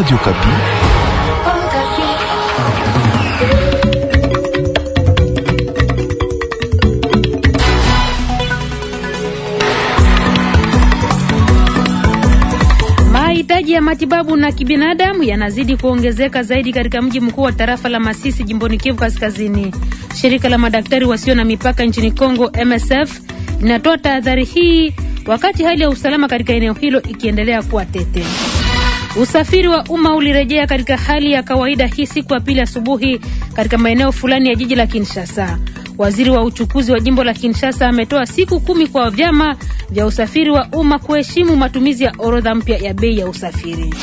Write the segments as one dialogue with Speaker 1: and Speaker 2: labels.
Speaker 1: Radio Okapi. Mahitaji ya matibabu na kibinadamu yanazidi kuongezeka zaidi katika mji mkuu wa tarafa la Masisi jimboni Kivu Kaskazini. Shirika la madaktari wasio na mipaka nchini Kongo MSF linatoa tahadhari hii wakati hali ya usalama katika eneo hilo ikiendelea kuwa tete. Usafiri wa umma ulirejea katika hali ya kawaida hii siku ya pili asubuhi katika maeneo fulani ya jiji la Kinshasa. Waziri wa uchukuzi wa jimbo la Kinshasa ametoa siku kumi kwa vyama vya usafiri wa umma kuheshimu matumizi ya orodha mpya ya bei ya usafiri.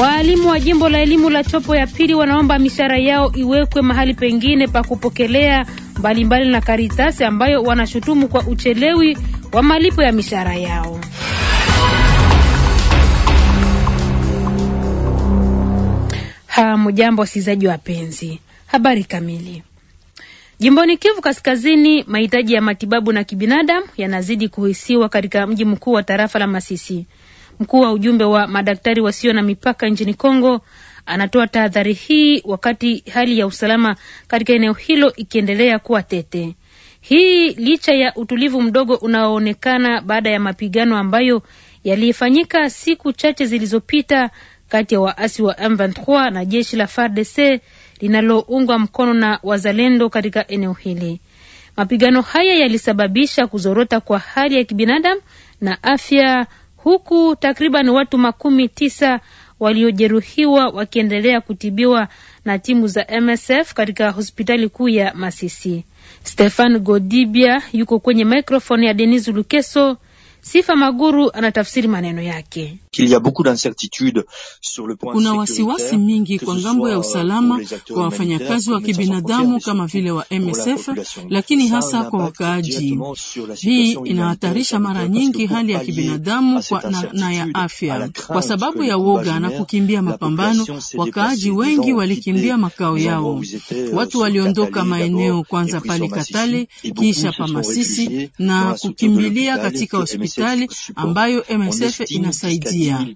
Speaker 1: Waalimu wa jimbo la elimu la Chopo ya pili wanaomba mishahara yao iwekwe mahali pengine pa kupokelea mbalimbali na Karitasi ambayo wanashutumu kwa uchelewi wa malipo ya mishahara yao. Hamjambo wasikilizaji wapenzi, habari kamili. Jimboni Kivu Kaskazini, mahitaji ya matibabu na kibinadamu yanazidi kuhisiwa katika mji mkuu wa tarafa la Masisi. Mkuu wa ujumbe wa madaktari wasio na mipaka nchini Kongo anatoa tahadhari hii wakati hali ya usalama katika eneo hilo ikiendelea kuwa tete. Hii licha ya utulivu mdogo unaoonekana baada ya mapigano ambayo yaliyefanyika siku chache zilizopita kati ya waasi wa M23 na jeshi la FARDC linaloungwa mkono na wazalendo katika eneo hili. Mapigano haya yalisababisha kuzorota kwa hali ya kibinadamu na afya, huku takriban watu makumi tisa waliojeruhiwa wakiendelea kutibiwa na timu za MSF katika hospitali kuu ya Masisi. Stefan Godibia yuko kwenye maikrofoni ya Denis Lukeso. Sifa Maguru anatafsiri maneno yake.
Speaker 2: Kuna wasiwasi mingi kwa ngambo ya usalama kwa wafanyakazi wa kibinadamu
Speaker 3: kama vile wa MSF, lakini hasa kwa wakaaji. Hii inahatarisha mara nyingi hali ya kibinadamu kwa na, na ya afya. Kwa sababu ya woga na kukimbia mapambano, wakaaji wengi walikimbia makao yao. Euh, Watu waliondoka maeneo kwanza pale Katale, kisha Pamasisi na kukimbilia katika hospitali hospitali ambayo MSF inasaidia.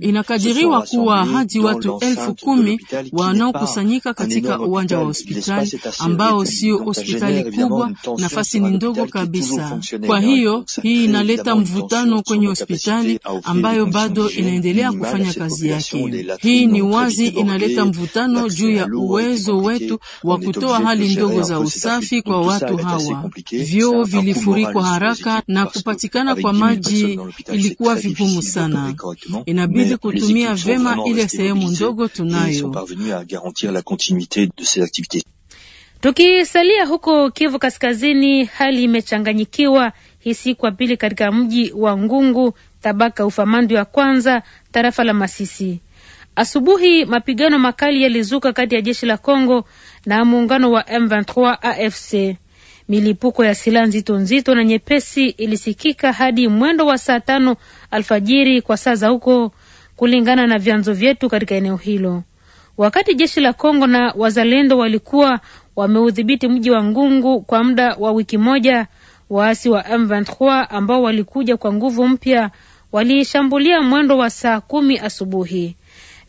Speaker 3: Inakadiriwa kuwa hadi watu elfu kumi wanaokusanyika katika uwanja wa hospitali ambao sio hospitali kubwa, nafasi ni ndogo kabisa. Kwa hiyo hii inaleta mvutano kwenye hospitali ambayo bado inaendelea kufanya kazi yake. Hii ni wazi inaleta mvutano juu ya uwezo wetu wa kutoa hali ndogo za usafi kwa watu hawa. Vyoo vilifurikwa haraka na kupatikana kwa maji ilikuwa vigumu sana, inabidi
Speaker 2: kutumia vema ile sehemu ndogo tunayo.
Speaker 1: Tukisalia huko Kivu Kaskazini, hali imechanganyikiwa hii siku ya pili katika mji wa Ngungu, tabaka Ufamandu ya kwanza, tarafa la Masisi. Asubuhi mapigano makali yalizuka kati ya jeshi la Congo na muungano wa M23 AFC. Milipuko ya silaha nzito nzito na nyepesi ilisikika hadi mwendo wa saa tano alfajiri kwa saa za huko, kulingana na vyanzo vyetu katika eneo hilo. Wakati jeshi la Kongo na wazalendo walikuwa wameudhibiti mji wa Ngungu kwa muda wa wiki moja, waasi wa M23 ambao walikuja kwa nguvu mpya waliishambulia mwendo wa saa kumi asubuhi.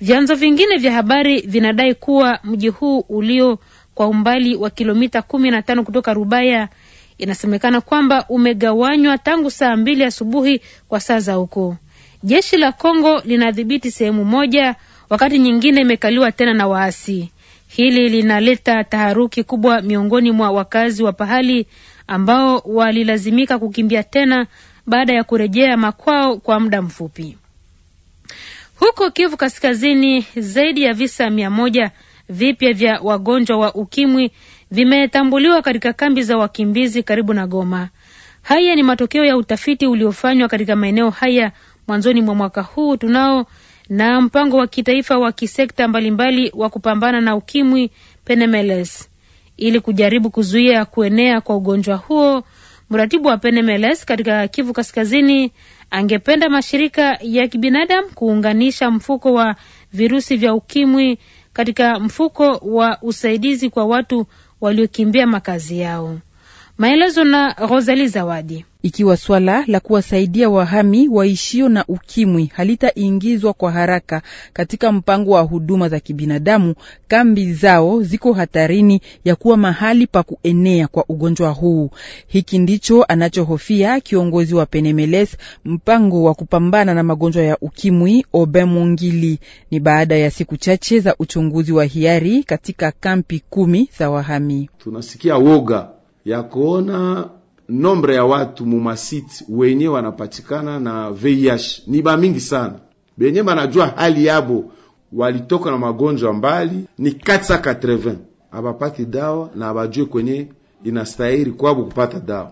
Speaker 1: Vyanzo vingine vya habari vinadai kuwa mji huu ulio kwa umbali wa kilomita tano kutoka Rubaya. Inasemekana kwamba umegawanywa tangu saa mbili asubuhi kwa saa za huko. Jeshi la Kongo linadhibiti sehemu moja, wakati nyingine imekaliwa tena na waasi. Hili linaleta taharuki kubwa miongoni mwa wakazi wa pahali ambao walilazimika kukimbia tena baada ya kurejea makwao kwa muda mfupi. Huko Kivu Kaskazini, zaidi ya visa mia moja vipya vya wagonjwa wa ukimwi vimetambuliwa katika kambi za wakimbizi karibu na Goma. Haya ni matokeo ya utafiti uliofanywa katika maeneo haya mwanzoni mwa mwaka huu tunao na mpango wa kitaifa wa kisekta mbalimbali wa kupambana na ukimwi Penemeles. Ili kujaribu kuzuia kuenea kwa ugonjwa huo, mratibu wa Penemeles katika Kivu Kaskazini angependa mashirika ya kibinadamu kuunganisha mfuko wa virusi vya ukimwi katika mfuko wa usaidizi kwa watu waliokimbia makazi yao. Maelezo na Rosali Zawadi.
Speaker 4: Ikiwa swala la kuwasaidia wahami waishio na ukimwi halitaingizwa kwa haraka katika mpango wa huduma za kibinadamu, kambi zao ziko hatarini ya kuwa mahali pa kuenea kwa ugonjwa huu. Hiki ndicho anachohofia kiongozi wa Penemeles, mpango wa kupambana na magonjwa ya ukimwi, Obe Mungili. Ni baada ya siku chache za uchunguzi wa hiari katika kampi
Speaker 2: kumi za wahami. Tunasikia woga ya kuona nombre ya watu mumasiti wenye wanapatikana na VIH ni mingi sana, benye banajua hali yabo walitoka na magonjwa mbali, ni 480 abapati dawa na abajue kwenye inastahili kwabo kupata dawa.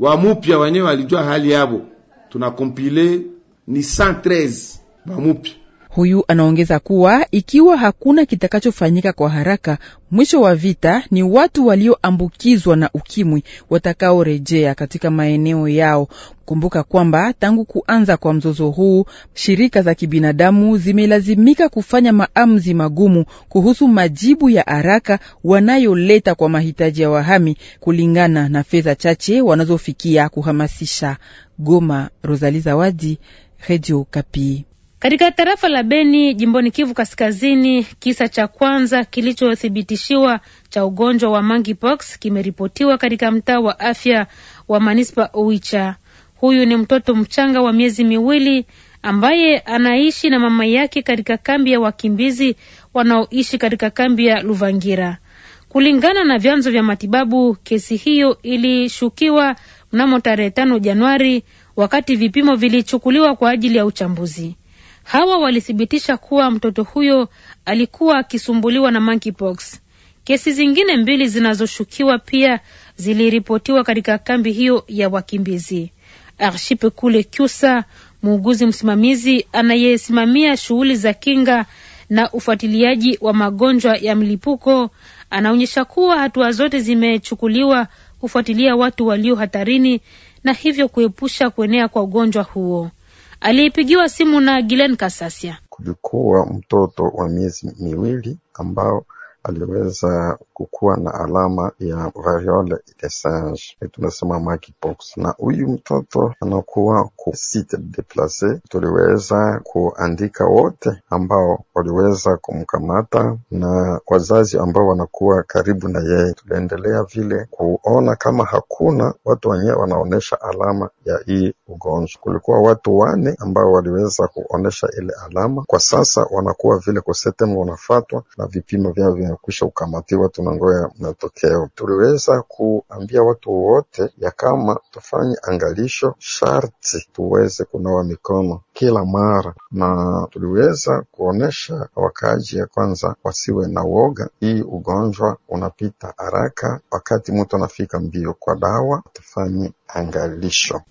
Speaker 2: Wamupya wenye walijua hali yabo, tunakompile ni 113 bamupya
Speaker 4: Huyu anaongeza kuwa ikiwa hakuna kitakachofanyika kwa haraka, mwisho wa vita ni watu walioambukizwa na ukimwi watakaorejea katika maeneo yao. Kumbuka kwamba tangu kuanza kwa mzozo huu, shirika za kibinadamu zimelazimika kufanya maamuzi magumu kuhusu majibu ya haraka wanayoleta kwa mahitaji ya wahami kulingana na fedha chache wanazofikia kuhamasisha. Goma, Rosali Zawadi, Radio Kapi.
Speaker 1: Katika tarafa la Beni jimboni Kivu Kaskazini, kisa cha kwanza kilichothibitishiwa cha ugonjwa wa monkeypox kimeripotiwa katika mtaa wa afya wa manispa Uicha. Huyu ni mtoto mchanga wa miezi miwili ambaye anaishi na mama yake katika kambi ya wakimbizi wanaoishi katika kambi ya Luvangira. Kulingana na vyanzo vya matibabu, kesi hiyo ilishukiwa mnamo tarehe tano Januari wakati vipimo vilichukuliwa kwa ajili ya uchambuzi. Hawa walithibitisha kuwa mtoto huyo alikuwa akisumbuliwa na monkeypox. Kesi zingine mbili zinazoshukiwa pia ziliripotiwa katika kambi hiyo ya wakimbizi. Arshipe Kule Kyusa, muuguzi msimamizi anayesimamia shughuli za kinga na ufuatiliaji wa magonjwa ya mlipuko, anaonyesha kuwa hatua zote zimechukuliwa kufuatilia watu walio hatarini na hivyo kuepusha kuenea kwa ugonjwa huo aliyepigiwa simu na Gilen Kasasia.
Speaker 5: Kulikuwa mtoto wa miezi miwili ambao aliweza kukuwa na alama ya variole singe, tunasema monkeypox, na huyu mtoto anakuwa ku site deplace. Tuliweza kuandika wote ambao waliweza kumkamata na wazazi ambao wanakuwa karibu na yeye. Tuliendelea vile kuona kama hakuna watu wenyewe wanaonyesha alama ya hii ugonjwa. Kulikuwa watu wane ambao waliweza kuonyesha ile alama. Kwa sasa wanakuwa vile kusetemu, wanafatwa na vipimo vyao vya amekwisha ukamatiwa tunangoya matokeo. Tuliweza kuambia watu wote ya kama tufanye angalisho, sharti tuweze kunawa mikono kila mara, na tuliweza kuonesha wakaaji ya kwanza wasiwe na woga. Hii ugonjwa unapita haraka, wakati mtu anafika mbio kwa dawa, tufanye angalisho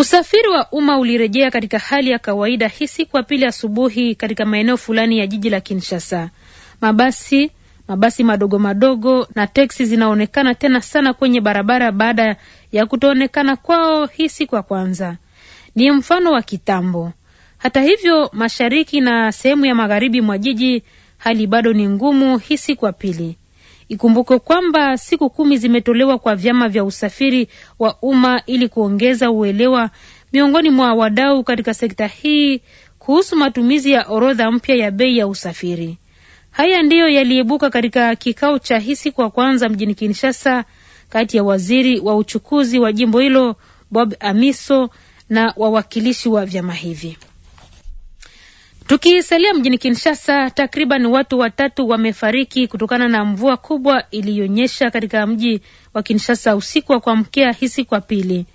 Speaker 1: Usafiri wa umma ulirejea katika hali ya kawaida hii siku ya pili asubuhi katika maeneo fulani ya jiji la Kinshasa. Mabasi, mabasi madogo madogo na teksi zinaonekana tena sana kwenye barabara baada ya kutoonekana kwao hii siku ya kwanza. Ni mfano wa kitambo. Hata hivyo, mashariki na sehemu ya magharibi mwa jiji hali bado ni ngumu hii siku ya pili. Ikumbukwe kwamba siku kumi zimetolewa kwa vyama vya usafiri wa umma ili kuongeza uelewa miongoni mwa wadau katika sekta hii kuhusu matumizi ya orodha mpya ya bei ya usafiri. Haya ndiyo yaliibuka katika kikao cha hisi kwa kwanza mjini Kinshasa kati ya waziri wa uchukuzi wa jimbo hilo Bob Amiso na wawakilishi wa vyama hivi. Tukisalia mjini Kinshasa, takriban watu watatu wamefariki kutokana na mvua kubwa iliyonyesha katika mji wa Kinshasa usiku wa kuamkia hisi kwa pili.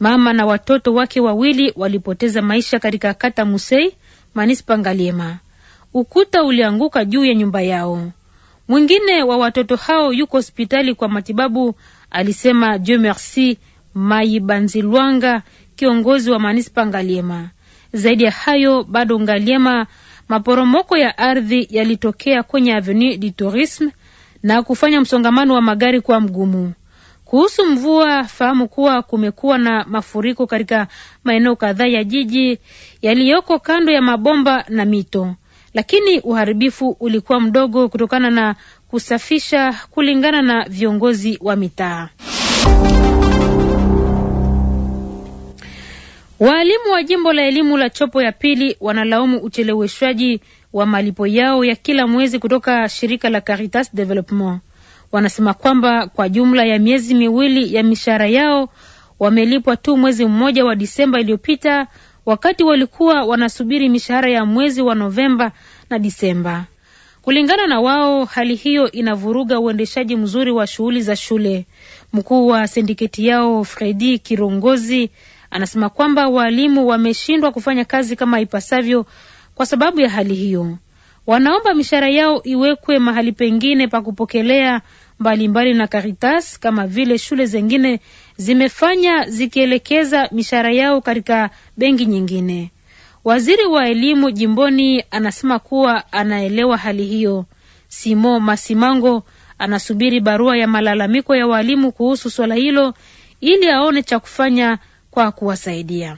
Speaker 1: Mama na watoto wake wawili walipoteza maisha katika kata Musei, manispa Ngaliema. Ukuta ulianguka juu ya nyumba yao. Mwingine wa watoto hao yuko hospitali kwa matibabu, alisema Dieu Merci Banzilwanga, kiongozi wa manispa Ngaliema. Zaidi ya hayo, bado Ngaliema, maporomoko ya ardhi yalitokea kwenye Avenue du Tourisme na kufanya msongamano wa magari kuwa mgumu. Kuhusu mvua, fahamu kuwa kumekuwa na mafuriko katika maeneo kadhaa ya jiji yaliyoko kando ya mabomba na mito, lakini uharibifu ulikuwa mdogo kutokana na kusafisha, kulingana na viongozi wa mitaa. Waalimu wa jimbo la elimu la Chopo ya pili wanalaumu ucheleweshwaji wa malipo yao ya kila mwezi kutoka shirika la Caritas Development. Wanasema kwamba kwa jumla ya miezi miwili ya mishahara yao wamelipwa tu mwezi mmoja wa Disemba iliyopita, wakati walikuwa wanasubiri mishahara ya mwezi wa Novemba na Disemba. Kulingana na wao, hali hiyo inavuruga uendeshaji mzuri wa shughuli za shule. Mkuu wa sindiketi yao Fredi Kirongozi Anasema kwamba waalimu wameshindwa kufanya kazi kama ipasavyo kwa sababu ya hali hiyo. Wanaomba mishahara yao iwekwe mahali pengine pa kupokelea mbalimbali mbali na Caritas kama vile shule zengine zimefanya zikielekeza mishahara yao katika benki nyingine. Waziri wa elimu jimboni anasema kuwa anaelewa hali hiyo. Simo Masimango anasubiri barua ya malalamiko ya walimu kuhusu swala hilo ili aone cha kufanya kwa kuwasaidia.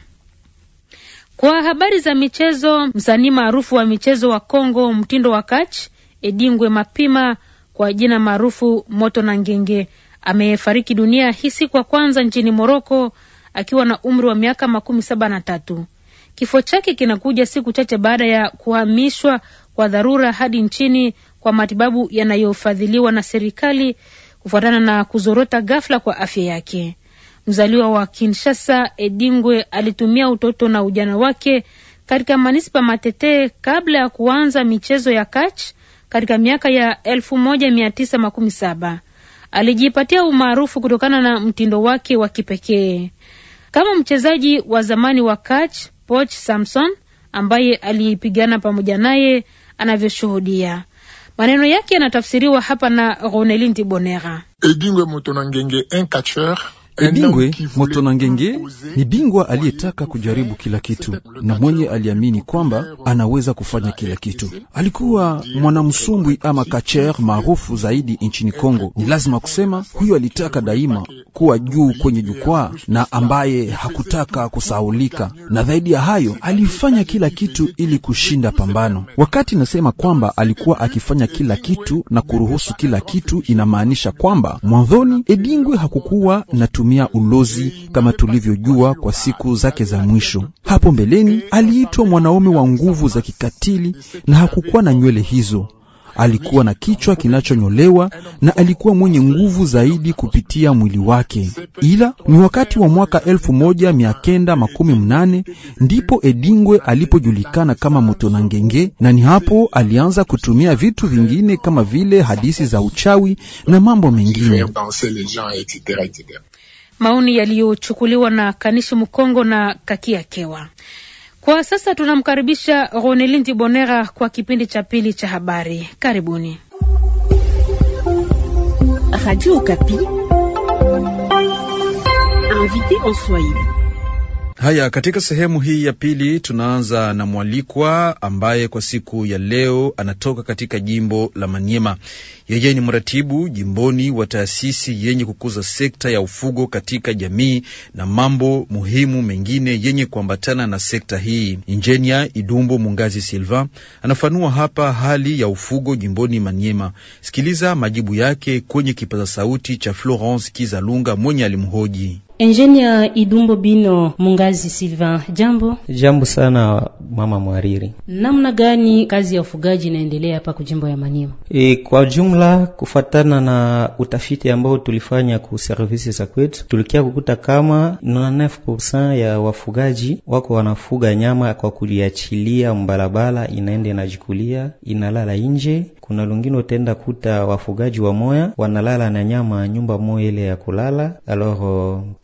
Speaker 1: Kwa habari za michezo, msanii maarufu wa michezo wa Kongo mtindo wa kach Edingwe Mapima kwa jina maarufu Moto na Ngenge amefariki dunia hii siku ya kwanza nchini Moroko akiwa na umri wa miaka makumi saba na tatu. Kifo chake kinakuja siku chache baada ya kuhamishwa kwa dharura hadi nchini kwa matibabu yanayofadhiliwa na serikali kufuatana na kuzorota ghafla kwa afya yake. Mzaliwa wa Kinshasa, Edingwe alitumia utoto na ujana wake katika manispa Matete kabla ya kuanza michezo ya kach katika miaka ya elfu moja mia tisa makumi saba. Alijipatia umaarufu kutokana na mtindo wake wa kipekee kama mchezaji wa zamani wa kach Poch Samson ambaye aliipigana pamoja naye anavyoshuhudia. Maneno yake yanatafsiriwa hapa na Ronelin Tibonera. Edingwe Moto
Speaker 2: na Ngenge, un catcheur Ibingwe na Ngenge ni bingwa aliyetaka kujaribu kila kitu na mwenye aliamini kwamba anaweza kufanya kila kitu. Alikuwa mwanamsumbwi ama kacher maarufu zaidi nchini Kongo. Ni lazima kusema huyo alitaka daima kuwa juu kwenye jukwaa na ambaye hakutaka kusahaulika, na zaidi ya hayo alifanya kila kitu ili kushinda pambano. Wakati nasema kwamba alikuwa akifanya kila kitu na kuruhusu kila kitu, inamaanisha kwamba mwanzoni Edingwe hakukuwa na kutumia ulozi kama tulivyojua kwa siku zake za mwisho. Hapo mbeleni aliitwa mwanaume wa nguvu za kikatili, na hakukuwa na nywele hizo. Alikuwa na kichwa kinachonyolewa na alikuwa mwenye nguvu zaidi kupitia mwili wake. Ila ni wakati wa mwaka 1918 ndipo Edingwe alipojulikana kama Mutonangenge, na ni hapo alianza kutumia vitu vingine kama vile hadithi za uchawi na mambo mengine
Speaker 1: maoni yaliyochukuliwa na Kanishi Mkongo na Kakia Kewa. Kwa sasa tunamkaribisha Ronelindi Bonera kwa kipindi cha pili cha habari. Karibuni Radio Kapi.
Speaker 2: Haya, katika sehemu hii ya pili tunaanza na mwalikwa ambaye kwa siku ya leo anatoka katika jimbo la Manyema. Yeye ni mratibu jimboni wa taasisi yenye kukuza sekta ya ufugo katika jamii na mambo muhimu mengine yenye kuambatana na sekta hii. Injenia Idumbo Mungazi Silva anafanua hapa hali ya ufugo jimboni Manyema. Sikiliza majibu yake kwenye kipaza sauti cha Florence Kizalunga mwenye alimhoji.
Speaker 6: Engineer Idumbo Bino Mungazi Silvan, jambo.
Speaker 7: Jambo sana mama mwariri.
Speaker 6: Namna gani kazi ya ufugaji inaendelea hapa kujimbo ya Maniema?
Speaker 7: E, kwa jumla kufatana na utafiti ambao tulifanya ku servisi za kwetu tulikia kukuta kama 99% ya wafugaji wako wanafuga nyama kwa kuliachilia mbalabala, inaenda inajikulia inalala nje. Kuna lungine utaenda kuta wafugaji wa moya wanalala na nyama nyumba moya ile ya kulala alors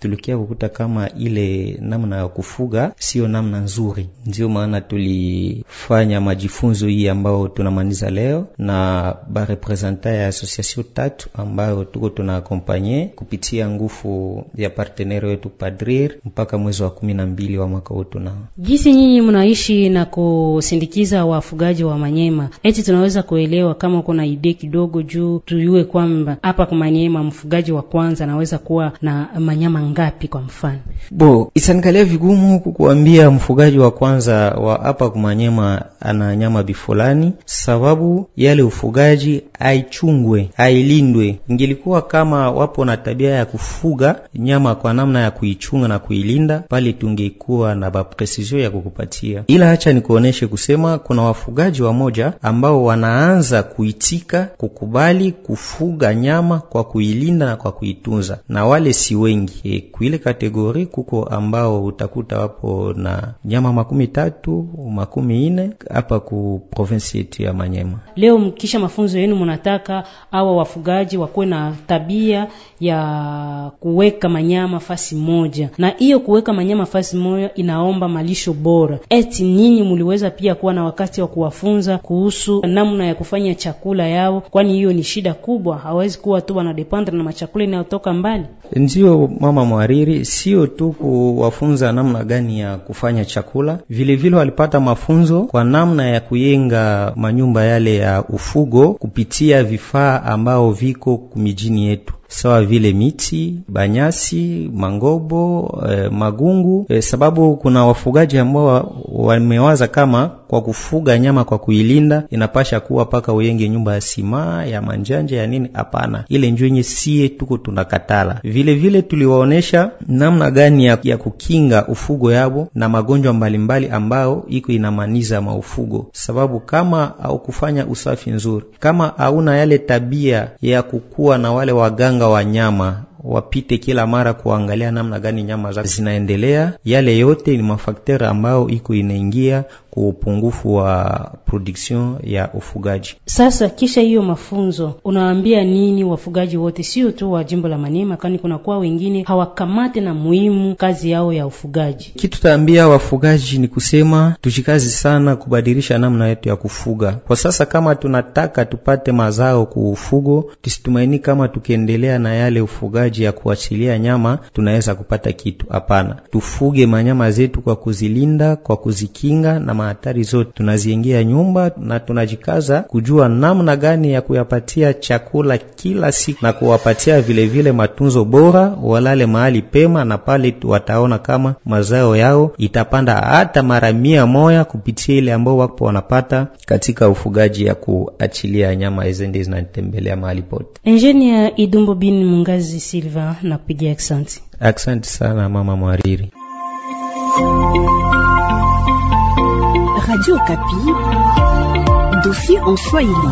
Speaker 7: tulikia kukuta kama ile namna ya kufuga sio namna nzuri, ndio maana tulifanya majifunzo hii ambayo tunamaliza leo na barepresenta ya association tatu ambayo tuko tunaakompanye kupitia nguvu ya partenere wetu Padrir mpaka mwezi wa kumi na mbili wa mwaka huu. Tuna
Speaker 6: jinsi nyinyi mnaishi na kusindikiza wafugaji wa Manyema, eti tunaweza kuelewa kama kuna idea kidogo juu tuyue kwamba hapa kwa Manyema mfugaji wa kwanza anaweza kuwa na manyama ngapi kwa mfano?
Speaker 7: Bo, isanikalia vigumu huku kuambia mfugaji wa kwanza wa hapa kumanyema ana nyama bifulani, sababu yale ufugaji aichungwe ailindwe. Ingilikuwa kama wapo na tabia ya kufuga nyama kwa namna ya kuichunga na kuilinda, pale tungekuwa na bapresisio ya kukupatia, ila acha nikuoneshe kusema kuna wafugaji wamoja ambao wanaanza kuitika kukubali kufuga nyama kwa kuilinda na kwa kuitunza, na wale si wengi kuile kategori kuko ambao utakuta wapo na nyama makumi tatu makumi nne hapa ku provinsi yetu ya Manyema.
Speaker 6: Leo mkisha mafunzo yenu, mnataka awa wafugaji wakuwe na tabia ya kuweka manyama fasi moja, na hiyo kuweka manyama fasi moja inaomba malisho bora. Eti nyinyi mliweza pia kuwa na wakati wa kuwafunza kuhusu namna ya kufanya chakula yao, kwani hiyo ni shida kubwa. Hawezi kuwa tu wanadependre na machakula inayotoka mbali.
Speaker 7: Ndio mama mwariri sio tu kuwafunza namna gani ya kufanya chakula, vilevile walipata mafunzo kwa namna ya kuyenga manyumba yale ya ufugo kupitia vifaa ambao viko kumijini yetu sawa vile miti, banyasi, mangobo, eh, magungu eh, sababu kuna wafugaji ambao wamewaza kama kwa kufuga nyama kwa kuilinda inapasha kuwa paka uyenge nyumba ya simaa ya manjanja ya nini. Hapana, ile njwenye sie tuko tunakatala. Vile vile tuliwaonesha namna gani ya, ya kukinga ufugo yabo na magonjwa mbalimbali ambao iko inamaniza maufugo, sababu kama au kufanya usafi nzuri, kama hauna yale tabia ya kukuwa na wale waganga waganga wa nyama wapite kila mara kuangalia namna gani nyama zao zinaendelea. Yale yote ni mafakter ambayo iko inaingia kwa upungufu wa production ya ufugaji.
Speaker 6: Sasa kisha hiyo mafunzo, unawaambia nini wafugaji wote, sio tu wa jimbo la Maniema, kwani kunakuwa wengine hawakamate na muhimu kazi yao ya ufugaji?
Speaker 7: Kitu taambia wafugaji ni kusema tujikazi sana kubadilisha namna yetu ya kufuga kwa sasa, kama tunataka tupate mazao kuufugo, tusitumaini kama tukiendelea na yale ufugaji maji ya kuachilia nyama tunaweza kupata kitu. Hapana, tufuge manyama zetu kwa kuzilinda, kwa kuzikinga na mahatari zote. Tunaziingia nyumba na tunajikaza kujua namna gani ya kuyapatia chakula kila siku na kuwapatia vilevile vile matunzo bora, walale mahali pema, na pale wataona kama mazao yao itapanda hata mara mia moya kupitia ile ambao wapo wanapata katika ufugaji ya kuachilia nyama. izende zinatembelea mahali pote.
Speaker 6: Engineer Idumbo bin Mungazi Silva na kupigia aksanti.
Speaker 7: Aksanti sana mama mwariri.
Speaker 6: Radio Kapi, dofi en Swahili.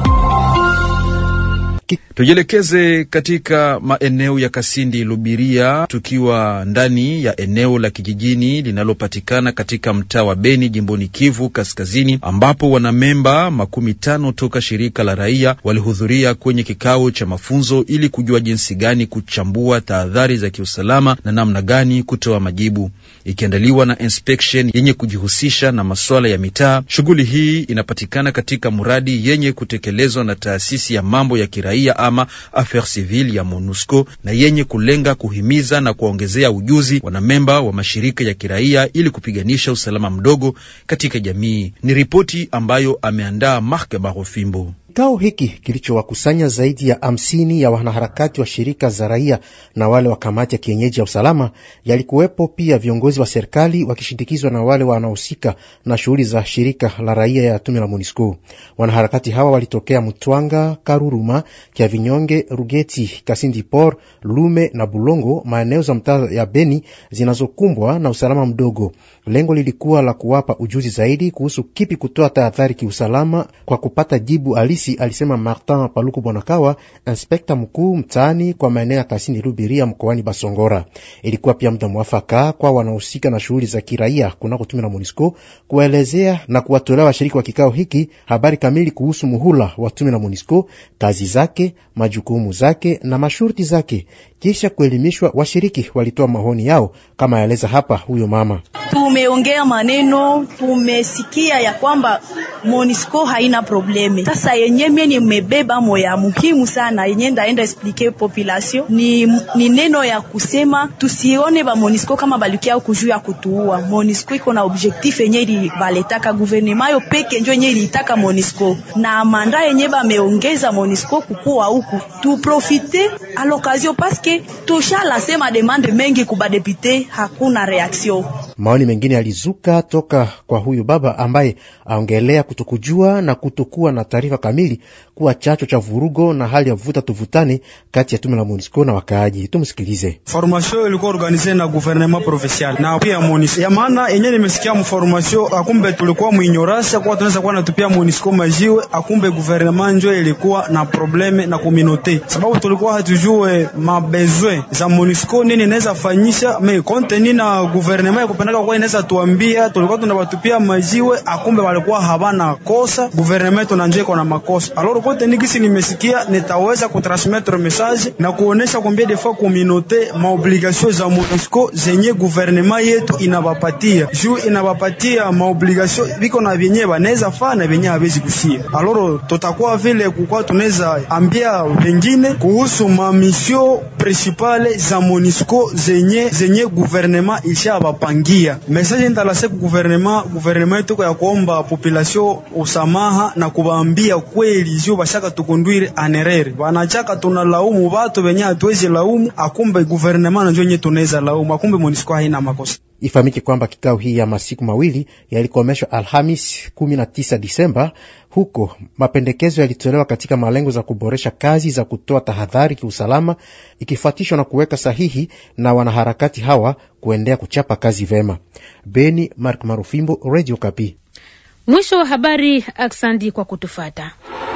Speaker 2: Tujielekeze katika maeneo ya Kasindi Lubiria, tukiwa ndani ya eneo la kijijini linalopatikana katika mtaa wa Beni jimboni Kivu Kaskazini, ambapo wanamemba makumi tano toka shirika la raia walihudhuria kwenye kikao cha mafunzo ili kujua jinsi gani kuchambua tahadhari za kiusalama na namna gani kutoa majibu, ikiandaliwa na inspection yenye kujihusisha na masuala ya mitaa. Shughuli hii inapatikana katika mradi yenye kutekelezwa na taasisi ya mambo ya kiraia kiraia ama affaire civile ya MONUSCO na yenye kulenga kuhimiza na kuwaongezea ujuzi wanamemba wa mashirika ya kiraia ili kupiganisha usalama mdogo katika jamii. Ni ripoti ambayo ameandaa Mark barofimbo
Speaker 8: Kikao hiki kilichowakusanya zaidi ya hamsini ya wanaharakati wa shirika za raia na wale wa kamati ya kienyeji ya usalama, yalikuwepo pia viongozi wa serikali wakishindikizwa na wale wanaohusika na shughuli za shirika la raia ya tume la MONUSCO. Wanaharakati hawa walitokea Mtwanga, Karuruma, Kyavinyonge, Rugeti, Kasindi Port, Lume na Bulongo, maeneo za mtaa ya Beni zinazokumbwa na usalama mdogo. Lengo lilikuwa la kuwapa ujuzi zaidi kuhusu kipi kutoa tahadhari kiusalama kwa kupata jibu halisi Masisi alisema Martin Paluku Bonakawa, inspekta mkuu mtaani kwa maeneo ya Kasindi Lubiria mkoani Basongora. Ilikuwa pia muda mwafaka kwa wanahusika na shughuli za kiraia kunakotumi na MONUSCO kuwaelezea na kuwatolea washiriki wa kikao hiki habari kamili kuhusu muhula wa tume na MONUSCO, kazi zake, majukumu zake na masharti zake. Kisha kuelimishwa, washiriki walitoa maoni yao kama yaeleza hapa huyo mama.
Speaker 4: Tumeongea maneno, tumesikia ya kwamba MONUSCO haina probleme sasa yenye yenye mimi nimebeba moya muhimu sana yenye ndaenda expliquer population ni, ni neno ya kusema tusione ba Monisco kama balikia kujuu ya kutuua. Monisco iko na objectif yenye ilibaletaka gouvernement yo peke njo yenye ilitaka Monisco na manda yenye bameongeza Monisco kukuwa huku, tuprofite a l'occasion parce que tosha la sema demande mengi kubadepite hakuna reaction
Speaker 8: Maoni mengine yalizuka toka kwa huyu baba ambaye aongelea kutokujua na kutokuwa na taarifa kamili kuwa chacho cha vurugo na hali ya vuta tuvutane kati ya tume la MONUSCO na wakaaji. Tumsikilize.
Speaker 9: formation ilikuwa organize na gouvernement provincial na pia MONUSCO ya maana yenyewe, nimesikia mformation, akumbe tulikuwa muinyorasha kuwa tunaweza kuwa natupia MONUSCO majiwe, akumbe guvernema njo ilikuwa na probleme na kominote, sababu tulikuwa hatujue mabezwe za MONUSCO nini naweza fanyisha me konte nina na Seneka kwa inaweza tuambia tulikuwa tunabatupia majiwe, akumbe walikuwa habana kosa. Gouvernement na njeko na makosa aloro kote nikisi nimesikia, nitaweza kutransmettre message na kuonesha kwambia defo communauté maobligation za MONUSCO zenye guvernema yetu inabapatia juu inabapatia maobligation viko na vyenye banaweza fa na vyenye habezi kusia. Aloro tutakuwa vile kukua tunaweza ambia vengine kuhusu mamisio principale za MONUSCO zenye zenye gouvernement isha bapangia kuingia message ntalase ku guvernema guvernema itoko ya kuomba population usamaha na kubambia kweli, zio bashaka tukundwire anerere banachaka tunalaumu batu benye hatuwezi laumu, akumbe guvernema na nye tunaweza laumu, akumbe MONUSCO haina makosa. Ifahamike kwamba kikao hii ya masiku
Speaker 8: mawili yalikomeshwa Alhamis 19 Disemba. Huko mapendekezo yalitolewa katika malengo za kuboresha kazi za kutoa tahadhari kiusalama, ikifuatishwa na kuweka sahihi na wanaharakati hawa kuendea kuchapa kazi vema. Beni, Mark Marufimbo, Radio Kapi.
Speaker 1: Mwisho wa habari. Aksandi kwa kutufata.